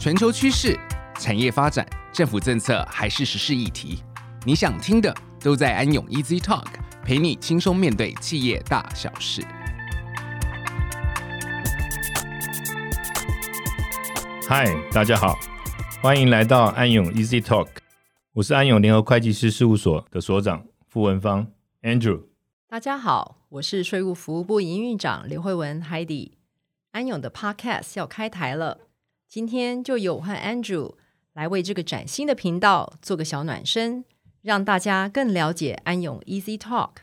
全球趨勢、產業發展、政府政策還是時事議題，你想聽的都在安永 Easy Talk，陪你輕鬆面對企業大小事。嗨，大家好，歡迎來到安永 Easy Talk，我是安永聯合會計師事務所的所長傅文芳 Andrew。大家好，我是稅務服務部營運長劉慧文 Heidi。安永的 Podcast 要開台了。今天就由我和 Andrew 來為這個嶄新的頻道做個小暖身，讓大家更了解安永 Easy Talk。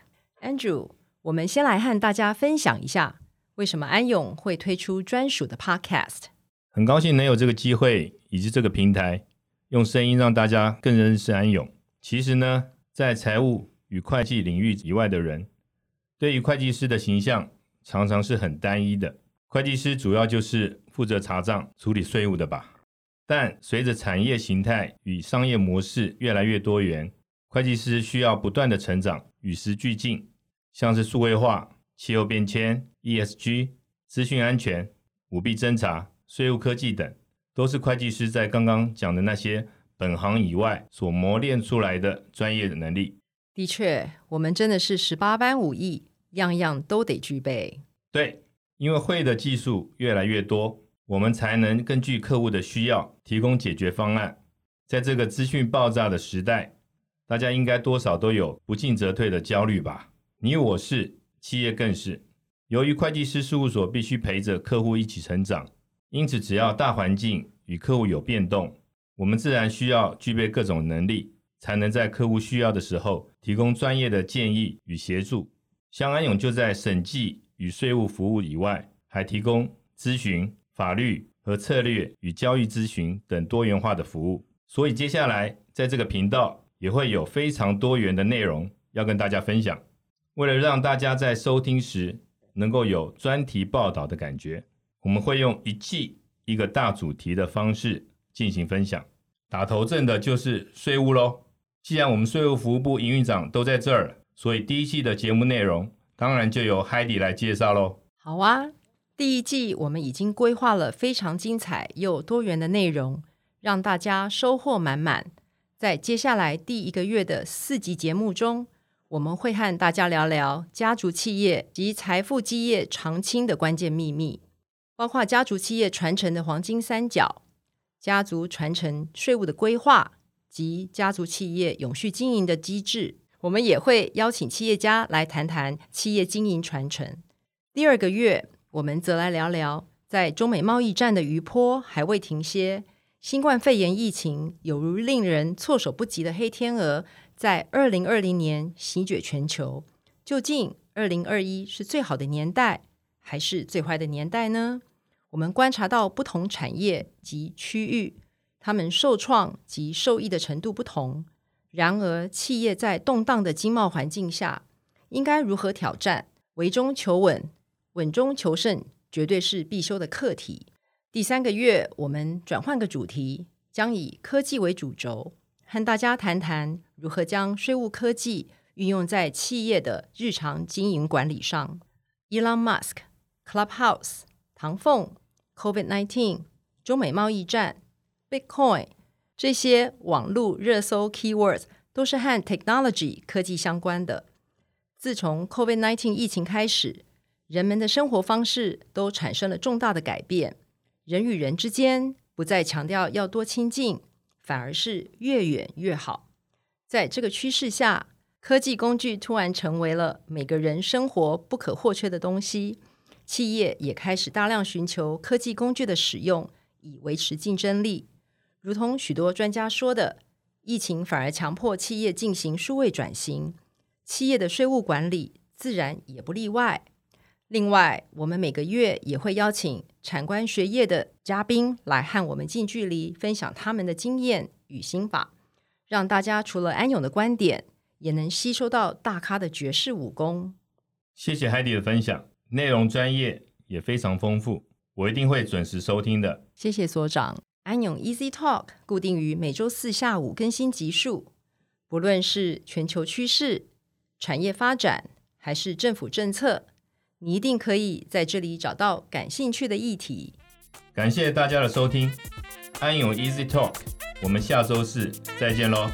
Andrew，我們先來和大家分享一下，為什麼安永會推出專屬的 Podcast？很高興能有這個機會以及這個平台，用聲音讓大家更認識安永。其實呢，在財務與會計領域以外的人，對於會計師的形象常常是很單一的。會計師主要就是。負責查賬、處理稅務的吧。但隨着產業形態與商業模式越來越多元，會計師需要不斷的成長，與時俱進。像是數位化、氣候變遷、ESG、資訊安全、舞弊偵查、稅務科技等，都是會計師在剛剛講的那些本行以外所磨練出來的專業的能力。的確，我們真的是十八般武藝，樣樣都得具備。對，因為會的技術越來越多。我們才能根據客戶的需要提供解決方案。在這個資訊爆炸的時代，大家應該多少都有不進則退的焦慮吧？你我是，企業更是。由於會計師事務所必須陪着客戶一起成長，因此只要大環境與客戶有變動，我們自然需要具備各種能力，才能在客戶需要的時候提供專業的建議與協助。像安永就在審計與稅務服務以外，還提供諮詢。法律和策略與交易諮詢等多元化的服務，所以接下來在這個頻道也會有非常多元的內容要跟大家分享。為了讓大家在收聽時能夠有專題報道的感覺，我們會用一季一個大主題的方式進行分享。打頭陣的就是稅務嘍。既然我們稅務服務部營運長都在這兒，所以第一季的節目內容當然就由 Heidi 來介紹嘍。好啊。第一季我們已經規劃了非常精彩又多元的內容，讓大家收穫滿滿。在接下來第一個月的四集節目中，我們會和大家聊聊家族企業及財富基業長青的關鍵秘密，包括家族企業傳承的黃金三角、家族傳承稅務的規劃及家族企業永續經營的機制。我們也會邀請企業家來談談企業經營傳承。第二個月。我們則來聊聊，在中美貿易戰的餘波還未停歇，新冠肺炎疫情猶如令人措手不及的黑天鵝，在二零二零年席捲全球。究竟二零二一是最好的年代，還是最壞的年代呢？我們觀察到不同產業及區域，他們受創及受益的程度不同。然而，企業在動盪的經貿環境下，應該如何挑戰，危中求穩？穩中求勝絕對是必修的課題。第三個月，我們轉換個主題，將以科技為主軸，和大家談談如何將稅務科技運用在企業的日常經營管理上。Elon Musk、Clubhouse、唐鳳、COVID-19、中美貿易戰、Bitcoin 這些網絡熱搜 keywords 都是和 technology 科技相關的。自從 COVID-19 疫情開始，人們的生活方式都產生了重大的改變，人與人之間不再強調要多親近，反而是越遠越好。在這個趨勢下，科技工具突然成為了每個人生活不可或缺的東西。企業也開始大量尋求科技工具的使用，以維持競爭力。如同許多專家說的，疫情反而強迫企業進行數位轉型，企業的稅務管理自然也不例外。另外，我們每個月也會邀請產官學業的嘉賓來和我們近距離分享他們的經驗與心法，讓大家除了安永的觀點，也能吸收到大咖的絕世武功。謝謝 Hedy 的分享，內容專業也非常豐富，我一定會準時收聽的。謝謝所長，安永 Easy Talk 固定於每週四下午更新集數，不論是全球趨勢、產業發展，還是政府政策，你一定可以在這裡找到感興趣的議題。感謝大家的收聽，安永 EasY Talk，我們下周四再見嘍。